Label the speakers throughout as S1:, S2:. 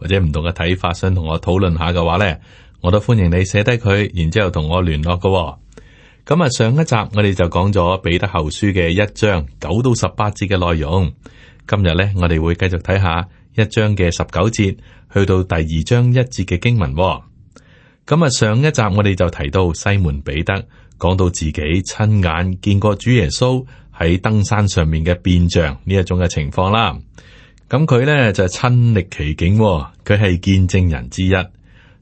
S1: 或者唔同嘅睇法，想同我討論下嘅話咧，我都歡迎你寫低佢，然之後同我聯絡嘅、哦。咁、嗯、啊，上一集我哋就講咗彼得後書嘅一章九到十八節嘅內容。今日咧，我哋會繼續睇下一章嘅十九節去到第二章一節嘅經文、哦。咁、嗯、啊，上一集我哋就提到西門彼得講到自己親眼見過主耶穌喺登山上面嘅變像呢一種嘅情況啦。咁佢呢，就親歷其境，佢係見證人之一。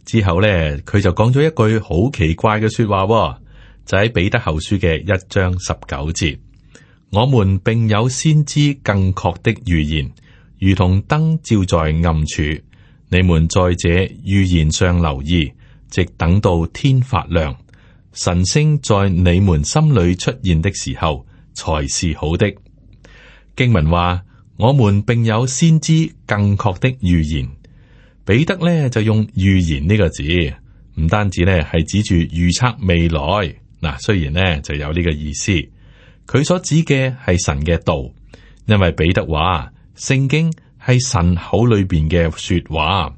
S1: 之後呢，佢就講咗一句好奇怪嘅說話，就喺彼得後書嘅一章十九節：我們並有先知更確的預言，如同燈照在暗處。你們在這預言上留意，直等到天發亮，神星在你們心裏出現的時候，才是好的。經文話。我們並有先知更確的預言，彼得咧就用預言呢個字，唔單止咧係指住預測未來嗱，雖然咧就有呢個意思，佢所指嘅係神嘅道，因為彼得話聖經係神口裏邊嘅說話，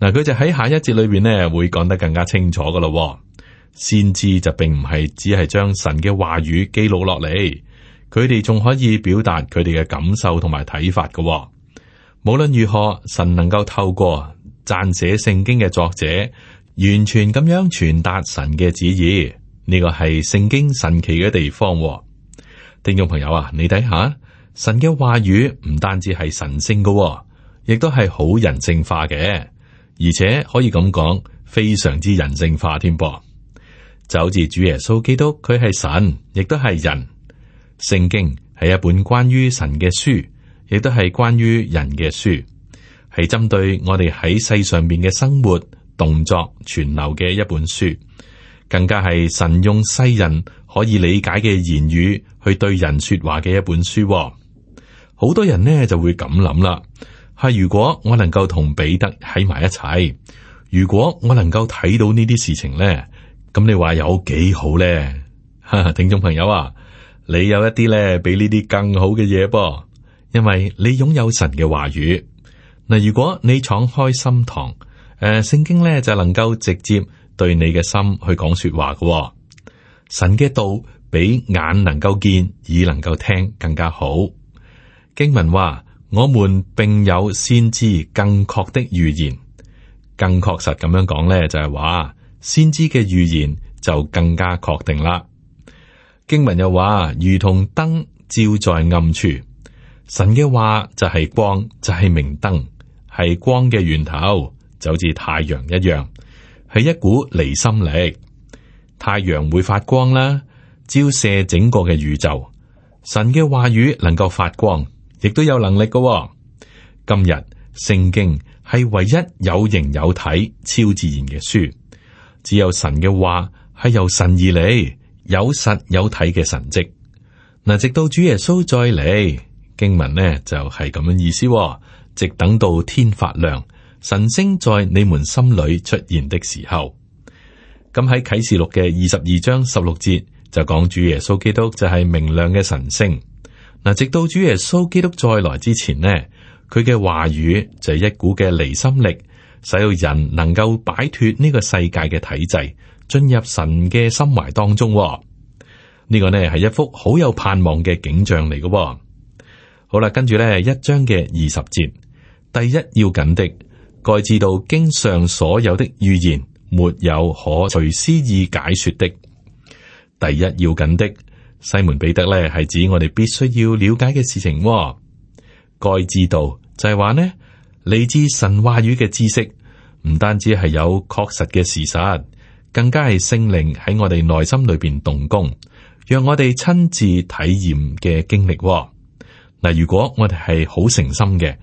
S1: 嗱佢就喺下一節裏邊咧會講得更加清楚噶咯，先知就並唔係只係將神嘅話語記錄落嚟。佢哋仲可以表達佢哋嘅感受同埋睇法㗎喎，無論如何，神能夠透過撰寫聖經嘅作者，完全咁樣傳達神嘅旨意，呢個係聖經神奇嘅地方喎。聽眾朋友啊，你睇下，神嘅話語唔單止係神聖㗎喎，亦都係好人性化嘅，而且可以咁講，非常之人性化添噃。就好似主耶穌基督，佢係神，亦都係人。聖經係一本關於神嘅書，亦都係關於人嘅書，係針對我哋喺世上邊嘅生活、動作、存留嘅一本書。更加係神用世人可以理解嘅言語去對人說話嘅一本書。好多人呢就會咁諗啦，係如果我能夠同彼得喺埋一齊，如果我能夠睇到呢啲事情呢，咁你話有幾好呢？聽眾朋友啊。你有一啲咧，比呢啲更好嘅嘢噃，因為你擁有神嘅話語。嗱，如果你敞開心堂，誒、呃，聖經咧就能夠直接對你嘅心去講說話嘅、哦。神嘅道比眼能夠見，耳能夠聽更加好。經文話，我們並有先知更確的預言，更確實咁樣講咧，就係、是、話先知嘅預言就更加確定啦。經文又話，如同燈照在暗處，神嘅話就係光，就係明燈，係光嘅源頭，就好似太陽一樣，係一股離心力。太陽會發光啦，照射整個嘅宇宙。神嘅話語能夠發光，亦都有能力嘅喎。今日聖經係唯一有形有體、超自然嘅書，只有神嘅話係由神而嚟。有實有體嘅神蹟，嗱，直到主耶穌再嚟，經文呢就係咁嘅意思，直等到天發亮，神星在你們心裏出現的時候，咁喺啟示錄嘅二十二章十六節就講主耶穌基督就係明亮嘅神星。嗱，直到主耶穌基督再來之前呢，佢嘅話語就係一股嘅離心力，使到人能夠擺脫呢個世界嘅體制。進入神嘅心懷當中、哦，呢個呢係一幅好有盼望嘅景象嚟嘅、哦。好啦，跟住呢一章嘅二十節，第一要緊的該知道經上所有的預言沒有可隨私意解說的。第一要緊的西門彼得呢係指我哋必須要了解嘅事情、哦。該知道就係話呢嚟自神話語嘅知識，唔單止係有確實嘅事實。更加係聖靈喺我哋內心裏邊動工，讓我哋親自體驗嘅經歷喎。嗱，如果我哋係好誠心嘅,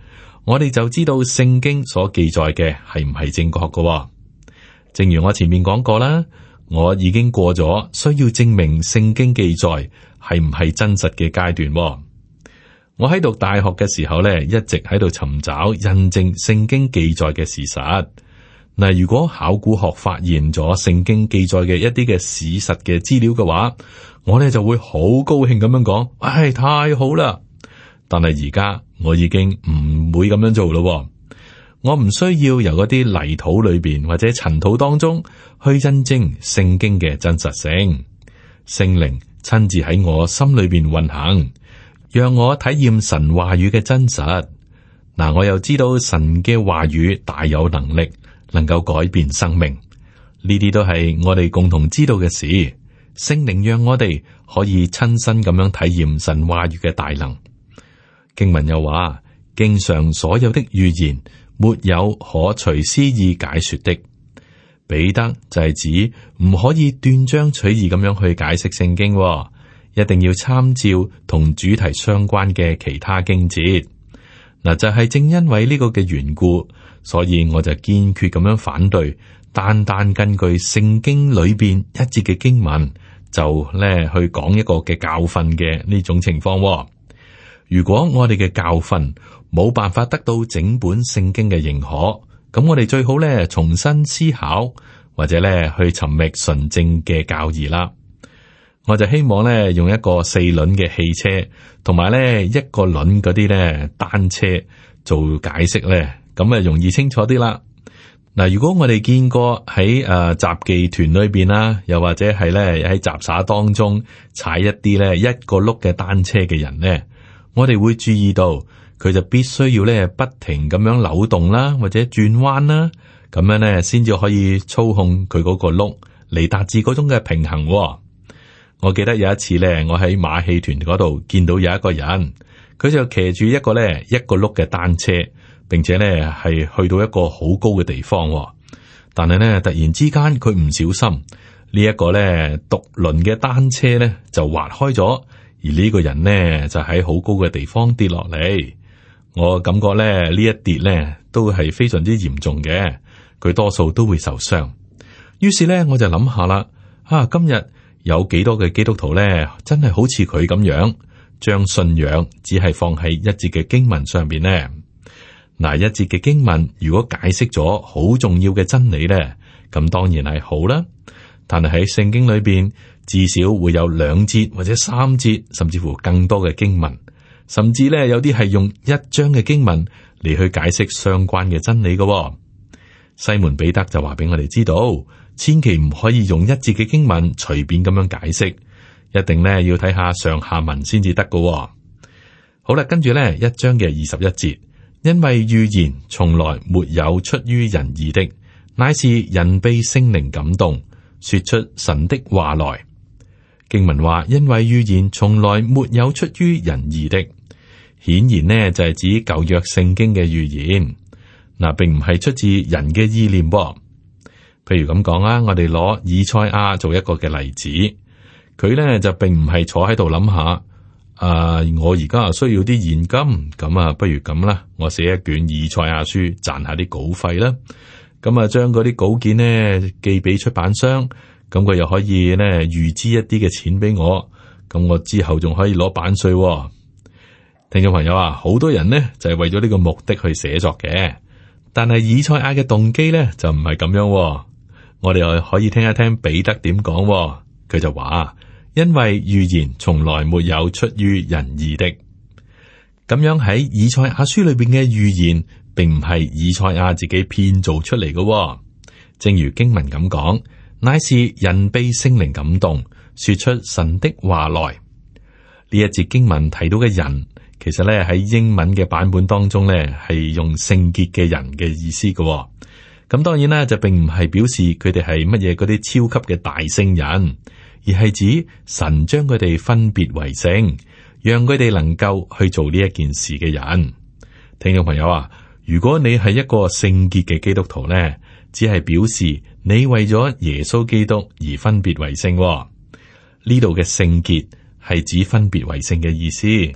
S1: 我哋就知道聖經所記載嘅係唔係正確㗎喎。正如我前面講過啦，我已經過咗需要證明聖經記載係唔係真實嘅階段喎。我喺讀大學嘅時候咧，一直喺度尋找印證聖經記載嘅事實。嗱，如果考古學發現咗聖經記載嘅一啲嘅史實嘅資料嘅話，我呢就會好高興咁樣講，唉，太好啦！但係而家我已經唔會咁樣做咯。我唔需要由嗰啲泥土裏邊或者塵土當中去印證聖經嘅真實性。聖靈親自喺我心裏邊運行，讓我體驗神話語嘅真實。嗱，我又知道神嘅話語大有能力。能夠改變生命，呢啲都係我哋共同知道嘅事。聖靈讓我哋可以親身咁樣體驗神話語嘅大能。經文又話，經上所有的預言沒有可隨私意解說的。彼得就係指唔可以斷章取義咁樣去解釋聖經，一定要參照同主題相關嘅其他經節。嗱，就係正因為呢個嘅緣故。所以我就堅決咁樣反對，單單根據聖經裏邊一節嘅經文，就咧去講一個嘅教訓嘅呢種情況。如果我哋嘅教訓冇辦法得到整本聖經嘅認可，咁我哋最好咧重新思考，或者咧去尋覓純正嘅教義啦。我就希望咧用一個四輪嘅汽車，同埋咧一個輪嗰啲咧單車做解釋咧。咁啊，容易清楚啲啦。嗱，如果我哋見過喺誒、呃、雜技團裏邊啦，又或者係咧喺雜耍當中踩一啲咧一個轆嘅單車嘅人咧，我哋會注意到佢就必須要咧不停咁樣扭動啦，或者轉彎啦，咁樣咧先至可以操控佢嗰個轆嚟達至嗰種嘅平衡。我記得有一次咧，我喺馬戲團嗰度見到有一個人，佢就騎住一個咧一個轆嘅單車。並且咧係去到一個好高嘅地方，但係咧突然之間佢唔小心、這個、呢一個咧獨輪嘅單車咧就滑開咗，而呢個人咧就喺好高嘅地方跌落嚟。我感覺咧呢一跌咧都係非常之嚴重嘅，佢多數都會受傷。於是咧我就諗下啦，啊今日有幾多嘅基督徒咧，真係好似佢咁樣將信仰只係放喺一節嘅經文上面咧？嗱，一節嘅經文如果解釋咗好重要嘅真理咧，咁當然係好啦。但係喺聖經裏邊，至少會有兩節或者三節，甚至乎更多嘅經文，甚至咧有啲係用一章嘅經文嚟去解釋相關嘅真理㗎喎。西門彼得就話俾我哋知道，千祈唔可以用一節嘅經文隨便咁樣解釋，一定咧要睇下上下文先至得㗎喎。好啦，跟住咧一章嘅二十一節。因為預言從來沒有出於人意的，乃是人被聖靈感動，說出神的話來。經文話，因為預言從來沒有出於人意的，顯然呢就係指舊約聖經嘅預言，嗱，並唔係出自人嘅意念喎。譬如咁講啊，我哋攞以賽亞做一個嘅例子，佢呢就並唔係坐喺度諗下。啊！我而家需要啲現金，咁啊，不如咁啦，我寫一卷《以賽亞書》賺，賺下啲稿費啦。咁啊，將嗰啲稿件呢寄俾出版商，咁佢又可以呢預支一啲嘅錢俾我，咁我之後仲可以攞版稅喎。聽眾朋友啊，好多人呢就係為咗呢個目的去寫作嘅，但係以賽亞嘅動機呢就唔係咁樣喎。我哋又可以聽一聽彼得點講喎，佢就話。因為預言從來沒有出於人意的，咁樣喺以賽亞書裏邊嘅預言，並唔係以賽亞自己編造出嚟嘅、哦。正如經文咁講，乃是人被聖靈感動，說出神的話來。呢一節經文提到嘅人，其實咧喺英文嘅版本當中咧，係用聖潔嘅人嘅意思嘅、哦。咁當然啦，就並唔係表示佢哋係乜嘢嗰啲超級嘅大聖人。而係指神將佢哋分別為聖，讓佢哋能夠去做呢一件事嘅人。聽眾朋友啊，如果你係一個聖潔嘅基督徒呢，只係表示你為咗耶穌基督而分別為聖、哦。呢度嘅聖潔係指分別為聖嘅意思。誒、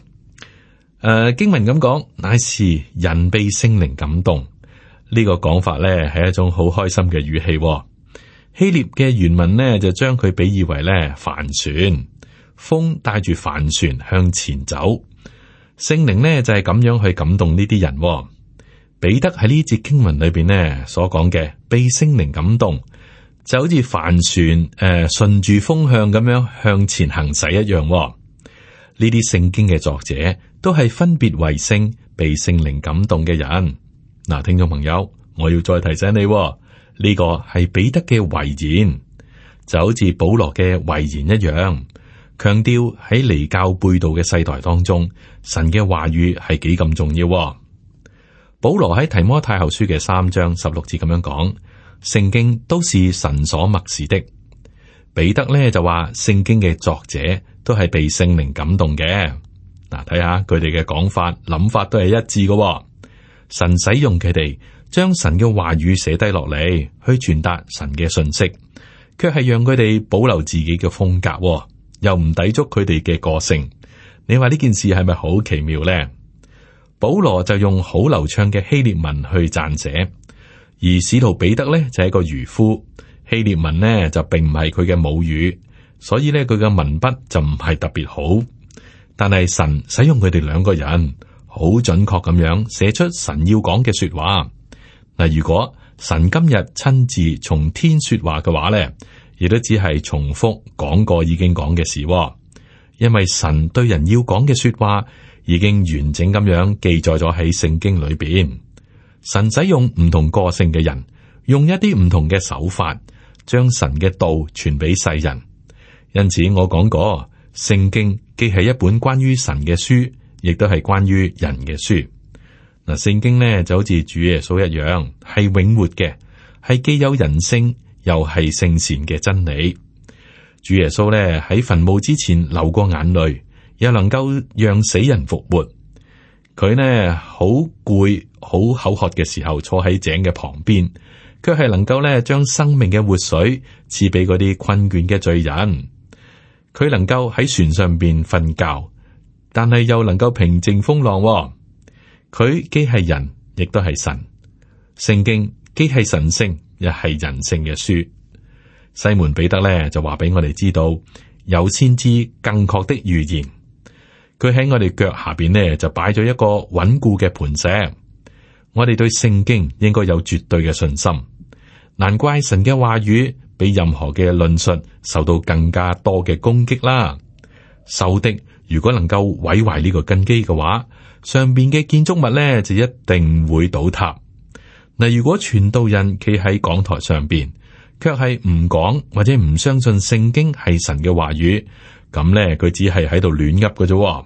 S1: 呃，經文咁講，乃是人被聖靈感動。呢、呢個講法呢，係一種好開心嘅語氣、哦。希臘嘅原文呢，就將佢比喻為咧帆船，風帶住帆船向前走。聖靈呢，就係咁樣去感動呢啲人、哦。彼得喺呢節經文裏邊呢，所講嘅被聖靈感動，就好似帆船誒順住風向咁樣向前行駛一樣、哦。呢啲聖經嘅作者都係分別為聖、被聖靈感動嘅人。嗱，聽眾朋友，我要再提醒你、哦。呢個係彼得嘅遺言，就好似保羅嘅遺言一樣，強調喺離教背道嘅世代當中，神嘅話語係幾咁重要。保羅喺提摩太後書嘅三章十六節咁樣講，聖經都是神所默示的。彼得咧就話，聖經嘅作者都係被聖靈感動嘅。嗱，睇下佢哋嘅講法、諗法都係一致嘅。神使用佢哋。將神嘅話語寫低落嚟，去傳達神嘅信息，卻係讓佢哋保留自己嘅風格，又唔抵觸佢哋嘅個性。你話呢件事係咪好奇妙咧？保羅就用好流暢嘅希臘文去撰寫，而使徒彼得咧就係一個漁夫。希臘文呢，就並唔係佢嘅母語，所以咧佢嘅文筆就唔係特別好。但係神使用佢哋兩個人，好準確咁樣寫出神要講嘅說話。嗱，如果神今日親自從天說話嘅話咧，亦都只係重複講過已經講嘅事，哦，因為神對人要講嘅說話已經完整咁樣記載咗喺聖經裏邊。神使用唔同個性嘅人，用一啲唔同嘅手法，將神嘅道傳俾世人。因此，我講過，聖經既係一本關於神嘅書，亦都係關於人嘅書。嗱，聖經咧就好似主耶穌一樣，係永活嘅，係既有人性又係聖善嘅真理。主耶穌咧喺墳墓之前流過眼淚，又能夠讓死人復活。佢呢好攰好口渴嘅時候，坐喺井嘅旁邊，卻係能夠咧將生命嘅活水賜俾嗰啲困倦嘅罪人。佢能夠喺船上邊瞓覺，但係又能夠平靜風浪。佢既係人，亦都係神。聖經既係神性，又係人性嘅書。西門彼得咧就話俾我哋知道，有先知更確的預言。佢喺我哋腳下邊呢就擺咗一個穩固嘅磐石。我哋對聖經應該有絕對嘅信心。難怪神嘅話語比任何嘅論述受到更加多嘅攻擊啦。受敵如果能夠毀壞呢個根基嘅話，上邊嘅建築物咧就一定會倒塌。嗱，如果傳道人企喺講台上邊，卻係唔講或者唔相信聖經係神嘅話語，咁咧佢只係喺度亂噏嘅啫。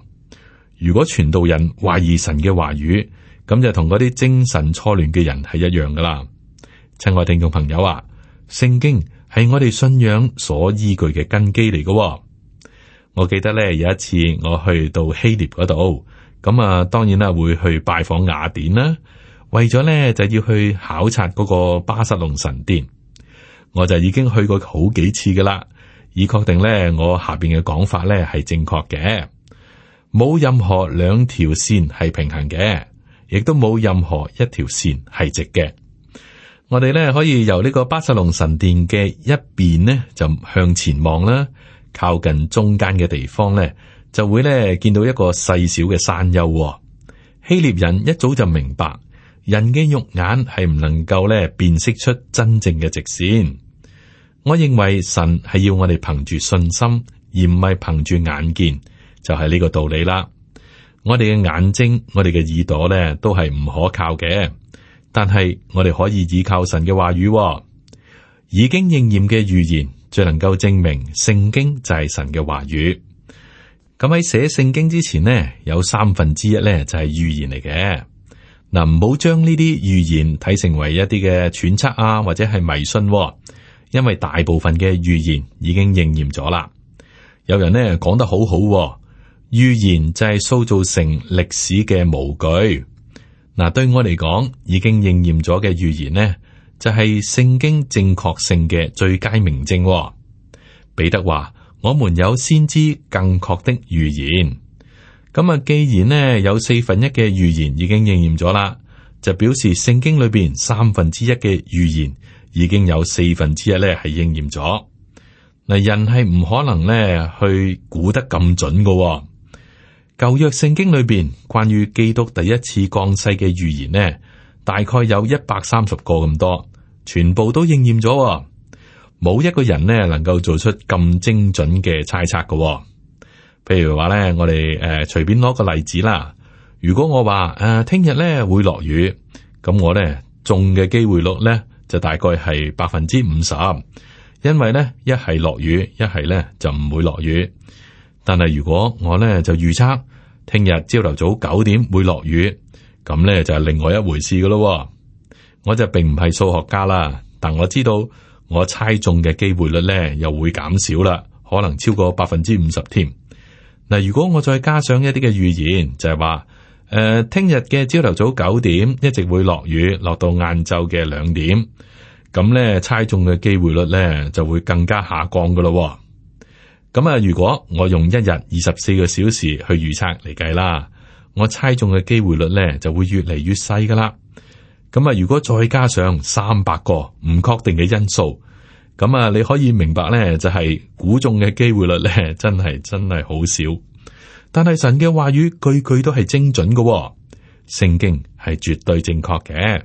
S1: 如果傳道人懷疑神嘅話語，咁就同嗰啲精神錯亂嘅人係一樣噶啦。親愛聽眾朋友啊，聖經係我哋信仰所依據嘅根基嚟嘅。我記得咧有一次我去到希臘嗰度。咁啊，當然啦，會去拜訪雅典啦。為咗咧，就要去考察嗰個巴塞隆神殿。我就已經去過好幾次噶啦，以確定咧，我下邊嘅講法咧係正確嘅。冇任何兩條線係平行嘅，亦都冇任何一條線係直嘅。我哋咧可以由呢個巴塞隆神殿嘅一邊咧就向前望啦，靠近中間嘅地方咧。就會咧見到一個細小嘅山丘、哦。希臘人一早就明白，人嘅肉眼係唔能夠咧辨識出真正嘅直線。我認為神係要我哋憑住信心，而唔係憑住眼見，就係、是、呢個道理啦。我哋嘅眼睛，我哋嘅耳朵咧都係唔可靠嘅，但係我哋可以依靠神嘅話語、哦。已經應驗嘅預言，最能夠證明聖經就係神嘅話語。咁喺寫聖經之前呢，有三分之一咧就係預言嚟嘅。嗱、啊，唔好將呢啲預言睇成為一啲嘅揣測啊，或者係迷信、啊。因為大部分嘅預言已經應驗咗啦。有人呢講得好好、啊，預言就係塑造成歷史嘅模具。嗱、啊，對我嚟講，已經應驗咗嘅預言呢，就係、是、聖經正確性嘅最佳明證、啊。彼得話。我們有先知更確的預言，咁啊，既然呢有四分一嘅預言已經應驗咗啦，就表示聖經裏邊三分之一嘅預言已經有四分之一咧係應驗咗。嗱，人係唔可能呢去估得咁準噶。舊約聖經裏邊關於基督第一次降世嘅預言呢，大概有一百三十個咁多，全部都應驗咗。冇一個人咧能夠做出咁精準嘅猜測嘅。哦，譬如話咧，我哋、誒、呃、隨便攞個例子啦。如果我話誒，聽日咧會落雨，咁我咧中嘅機會率咧就大概係百分之五十，因為咧一係落雨，一係咧就唔會落雨。但係如果我咧就預測聽日朝頭早九點會落雨，咁咧就係另外一回事噶咯。我就並唔係數學家啦，但我知道。我猜中嘅機會率咧，又會減少啦，可能超過百分之五十添。嗱，如果我再加上一啲嘅預言，就係、是、話，誒、呃，聽日嘅朝頭早九點一直會落雨，落到晏晝嘅兩點，咁咧猜中嘅機會率咧就會更加下降噶啦。咁啊，如果我用一日二十四個小時去預測嚟計啦，我猜中嘅機會率咧就會越嚟越細噶啦。咁啊！如果再加上三百個唔確定嘅因素，咁啊，你可以明白咧，就係估中嘅機會率咧，真係真係好少。但係神嘅話語句句都係精準嘅，聖經係絕對正確嘅。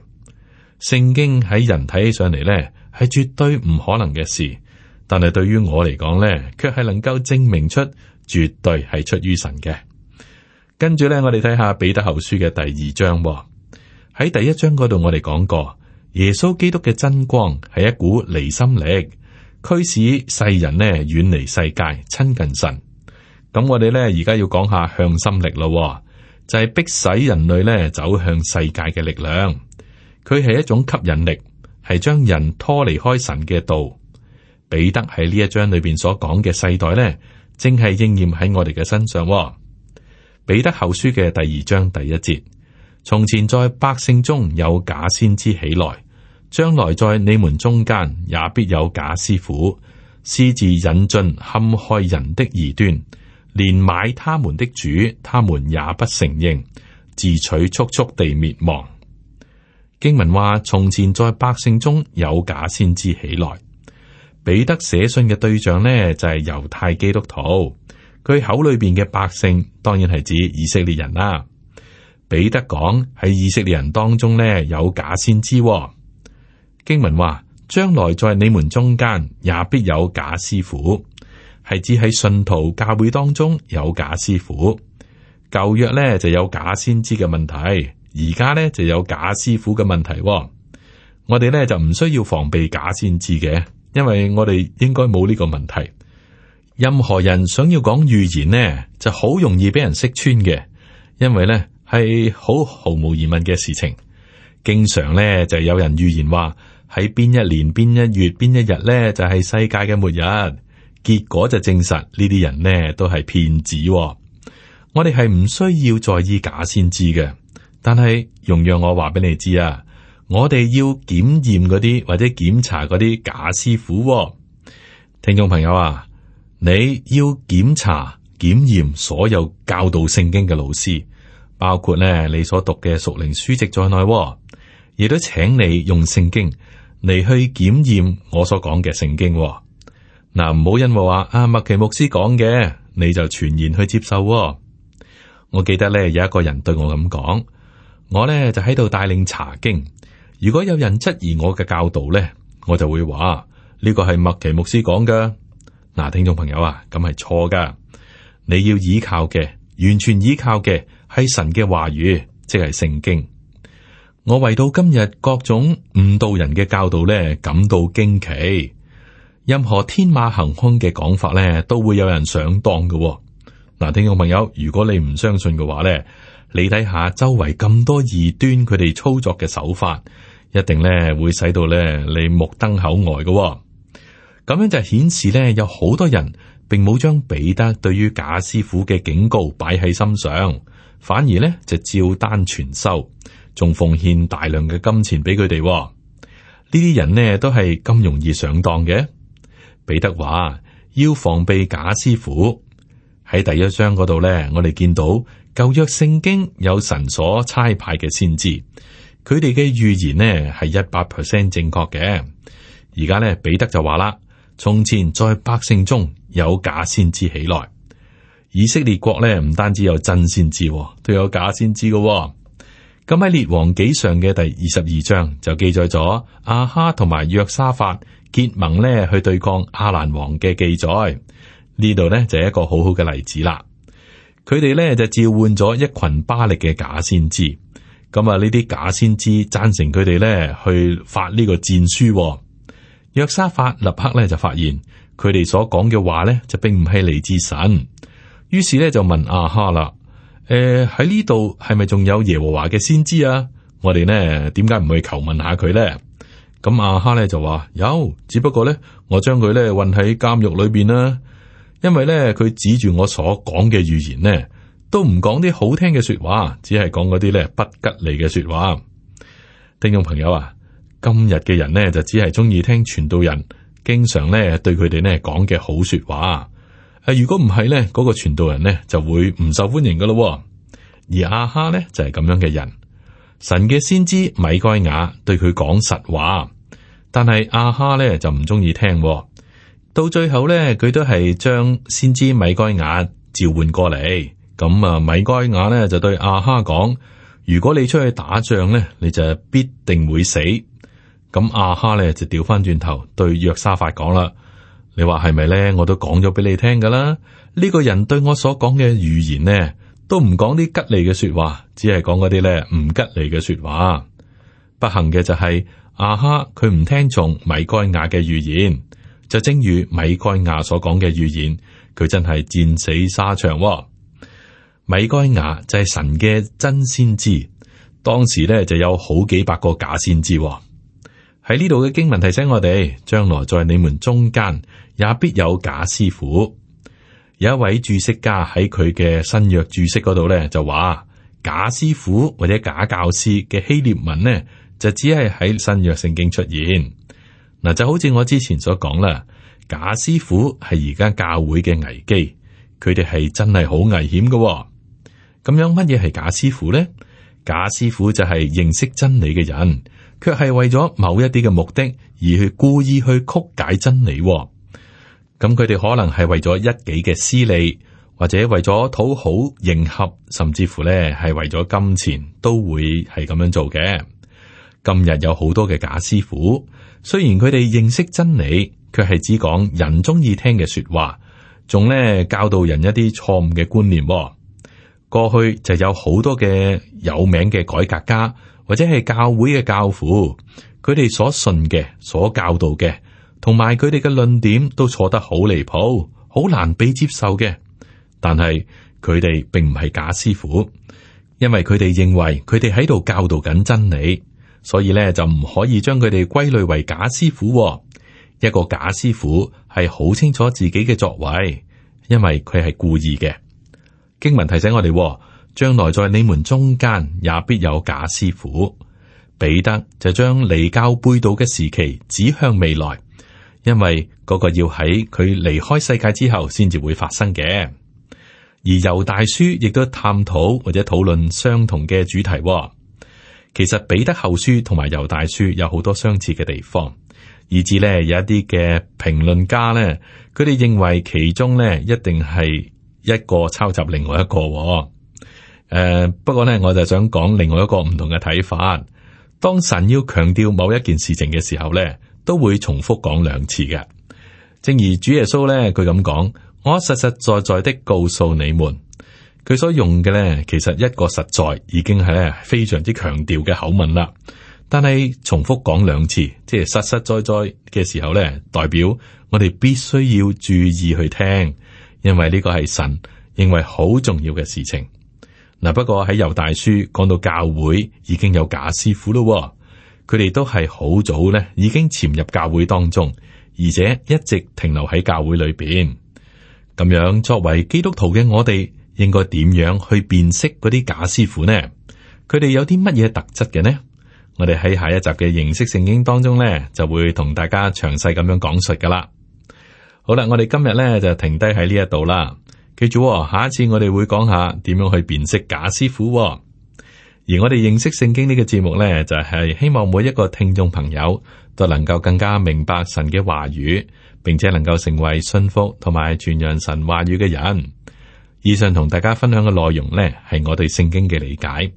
S1: 聖經喺人睇起上嚟咧，係絕對唔可能嘅事。但係對於我嚟講咧，卻係能夠證明出絕對係出於神嘅。跟住咧，我哋睇下彼得後書嘅第二章。喺第一章嗰度，我哋講過耶穌基督嘅真光係一股離心力，驅使世人咧遠離世界，親近神。咁我哋咧而家要講下向心力咯，就係逼使人類咧走向世界嘅力量。佢係一種吸引力，係將人拖離開神嘅道。彼得喺呢一章裏邊所講嘅世代咧，正係應驗喺我哋嘅身上。彼得後書嘅第二章第一節。從前在百姓中有假先知起來，將來在你們中間也必有假師傅，私自引進、陷害人的異端，連買他們的主，他們也不承認，自取速速地滅亡。經文話：從前在百姓中有假先知起來，彼得寫信嘅對象呢，就係猶太基督徒，佢口裏邊嘅百姓當然係指以色列人啦。彼得講喺以色列人當中咧，有假先知，哦、經文話，將來在你們中間也必有假師傅，係指喺信徒教會當中有假師傅。舊約咧，就有假先知嘅問題，而家咧，就有假師傅嘅問題，哦。我哋咧，就唔需要防備假先知嘅，因為我哋應該冇呢個問題。任何人想要講預言呢，就好容易俾人識穿嘅，因為咧。係好毫無疑問嘅事情，經常咧就有人預言話喺邊一年、邊一月、邊一日咧就係、是、世界嘅末日。結果就證實呢啲人咧都係騙子、哦。我哋係唔需要在意假先知嘅，但係容讓我話俾你知啊，我哋要檢驗嗰啲或者檢查嗰啲假師傅、哦。聽眾朋友啊，你要檢查檢驗所有教導聖經嘅老師。包括咧，你所讀嘅屬靈書籍在內，亦都請你用聖經嚟去檢驗我所講嘅聖經。嗱，唔好因為我話阿麥奇牧師講嘅，你就全然去接受。我記得咧，有一個人對我咁講，我咧就喺度帶領查經。如果有人質疑我嘅教導咧，我就會話呢個係麥奇牧師講噶。嗱，聽眾朋友啊，咁係錯噶，你要依靠嘅，完全依靠嘅。係神嘅話語，即係聖經。我為到今日各種誤導人嘅教導咧，感到驚奇。任何天馬行空嘅講法咧，都會有人上當嘅。嗱，聽眾朋友，如果你唔相信嘅話咧，你睇下周圍咁多異端佢哋操作嘅手法，一定咧會使到咧你目瞪口呆嘅。咁樣就顯示咧，有好多人並冇將彼得對於假師傅嘅警告擺喺心上。反而咧就照單全收，仲奉獻大量嘅金錢俾佢哋。呢啲人呢，都係咁容易上當嘅。彼得話：要防備假師傅。喺第一章嗰度咧，我哋見到舊約聖經有神所差派嘅先知，佢哋嘅預言呢係一百 percent 正確嘅。而家咧，彼得就話啦：從前在百姓中有假先知起來。以色列國咧，唔單止有真先知，都有假先知嘅。咁喺列王紀上嘅第二十二章就記載咗亞哈同埋約沙法結盟咧，去對抗亞蘭王嘅記載。呢度咧就係一個好好嘅例子啦。佢哋咧就召喚咗一群巴力嘅假先知，咁啊呢啲假先知贊成佢哋咧去發呢個戰書。約沙法立刻咧就發現佢哋所講嘅話咧就並唔係嚟自神。於是咧就問亞哈啦，誒喺呢度係咪仲有耶和華嘅先知啊？我哋呢點解唔去求問下佢咧？咁、嗯、亞哈咧就話有，只不過咧我將佢咧困喺監獄裏邊啦，因為咧佢指住我所講嘅預言呢，都唔講啲好聽嘅說話，只係講嗰啲咧不吉利嘅說話。聽眾朋友啊，今日嘅人呢，就只係中意聽傳道人經常咧對佢哋呢講嘅好說話。啊！如果唔係咧，嗰個傳道人咧就會唔受歡迎噶咯。而阿哈咧就係咁樣嘅人，神嘅先知米該雅對佢講實話，但係阿哈咧就唔中意聽。到最後咧，佢都係將先知米該雅召喚過嚟。咁啊，米該雅咧就對阿哈講：如果你出去打仗咧，你就必定會死。咁阿哈咧就調翻轉頭對約沙法講啦。你話係咪咧？我都講咗俾你聽㗎啦。呢、這個人對我所講嘅預言呢，都唔講啲吉利嘅說話，只係講嗰啲咧唔吉利嘅說話。不幸嘅就係、是、亞、啊、哈佢唔聽從米該亞嘅預言，就正如米該亞所講嘅預言，佢真係戰死沙場、哦。米該亞就係神嘅真先知，當時咧就有好幾百個假先知喎。喺呢度嘅經文提醒我哋，將來在你們中間。也必有假師傅。有一位註釋家喺佢嘅新約註釋嗰度咧，就話假師傅或者假教師嘅希臘文呢，就只係喺新約聖經出現嗱。就好似我之前所講啦，假師傅係而家教會嘅危機，佢哋係真係好危險㗎喎。咁樣乜嘢係假師傅咧？假師傅就係認識真理嘅人，卻係為咗某一啲嘅目的而去故意去曲解真理喎。咁佢哋可能係為咗一己嘅私利，或者為咗討好迎合，甚至乎咧係為咗金錢，都會係咁樣做嘅。今日有好多嘅假師傅，雖然佢哋認識真理，卻係只講人中意聽嘅說話，仲咧教導人一啲錯誤嘅觀念。過去就有好多嘅有名嘅改革家，或者係教會嘅教父，佢哋所信嘅，所教導嘅。同埋佢哋嘅論點都錯得好離譜，好難被接受嘅。但係佢哋並唔係假師傅，因為佢哋認為佢哋喺度教導緊真理，所以咧就唔可以將佢哋歸類為假師傅喎。一個假師傅係好清楚自己嘅作為，因為佢係故意嘅。經文提醒我哋喎，將來在你們中間也必有假師傅。彼得就將離教背道嘅時期指向未來。因為嗰個要喺佢離開世界之後先至會發生嘅，而猶大書亦都探討或者討論相同嘅主題喎。其實彼得後書同埋猶大書有好多相似嘅地方，以至呢有一啲嘅評論家呢，佢哋認為其中呢一定係一個抄襲另外一個喎。誒、呃，不過呢，我就想講另外一個唔同嘅睇法。當神要強調某一件事情嘅時候呢。都會重複講兩次嘅，正如主耶穌咧，佢咁講，我實實在在的告訴你們。佢所用嘅咧，其實一個實在已經係咧非常之強調嘅口吻啦。但係重複講兩次，即係實實在在嘅時候咧，代表我哋必須要注意去聽，因為呢個係神認為好重要嘅事情。嗱，不過喺猶大書講到教會已經有假師傅咯。佢哋都係好早咧，已經潛入教會當中，而且一直停留喺教會裏邊。咁樣作為基督徒嘅我哋，應該點樣去辨識嗰啲假師傅呢？佢哋有啲乜嘢特質嘅呢？我哋喺下一集嘅認識聖經當中咧，就會同大家詳細咁樣講述噶啦。好啦，我哋今日咧就停低喺呢一度啦。記住哦，下一次我哋會講下點樣去辨識假師傅哦。而我哋認識聖經呢個節目呢，就係希望每一個聽眾朋友都能夠更加明白神嘅話語，並且能夠成為信服同埋傳揚神話語嘅人。以上同大家分享嘅內容呢，係我對聖經嘅理解。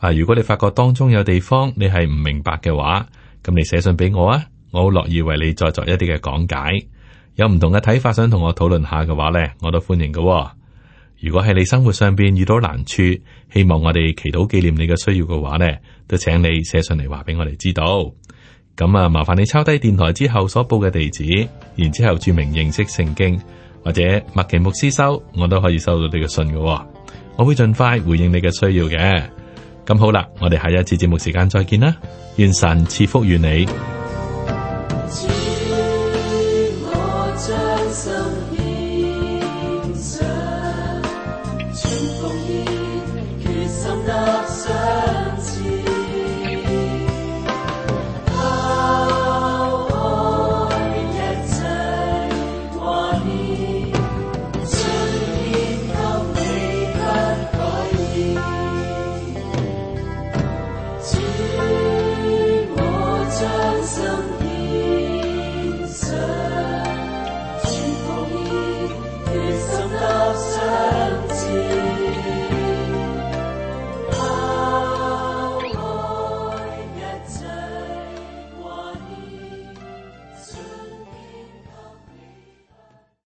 S1: 啊，如果你發覺當中有地方你係唔明白嘅話，咁你寫信俾我啊，我好樂意為你再作一啲嘅講解。有唔同嘅睇法想同我討論下嘅話呢，我都歡迎㗎喎。如果喺你生活上邊遇到難處，希望我哋祈禱紀念你嘅需要嘅話呢，都請你寫信嚟話俾我哋知道。咁啊，麻煩你抄低電台之後所報嘅地址，然之後注明認識聖經或者麥奇牧師收，我都可以收到你嘅信嘅。我會盡快回應你嘅需要嘅。咁好啦，我哋下一次節目時間再見啦，願神賜福與你。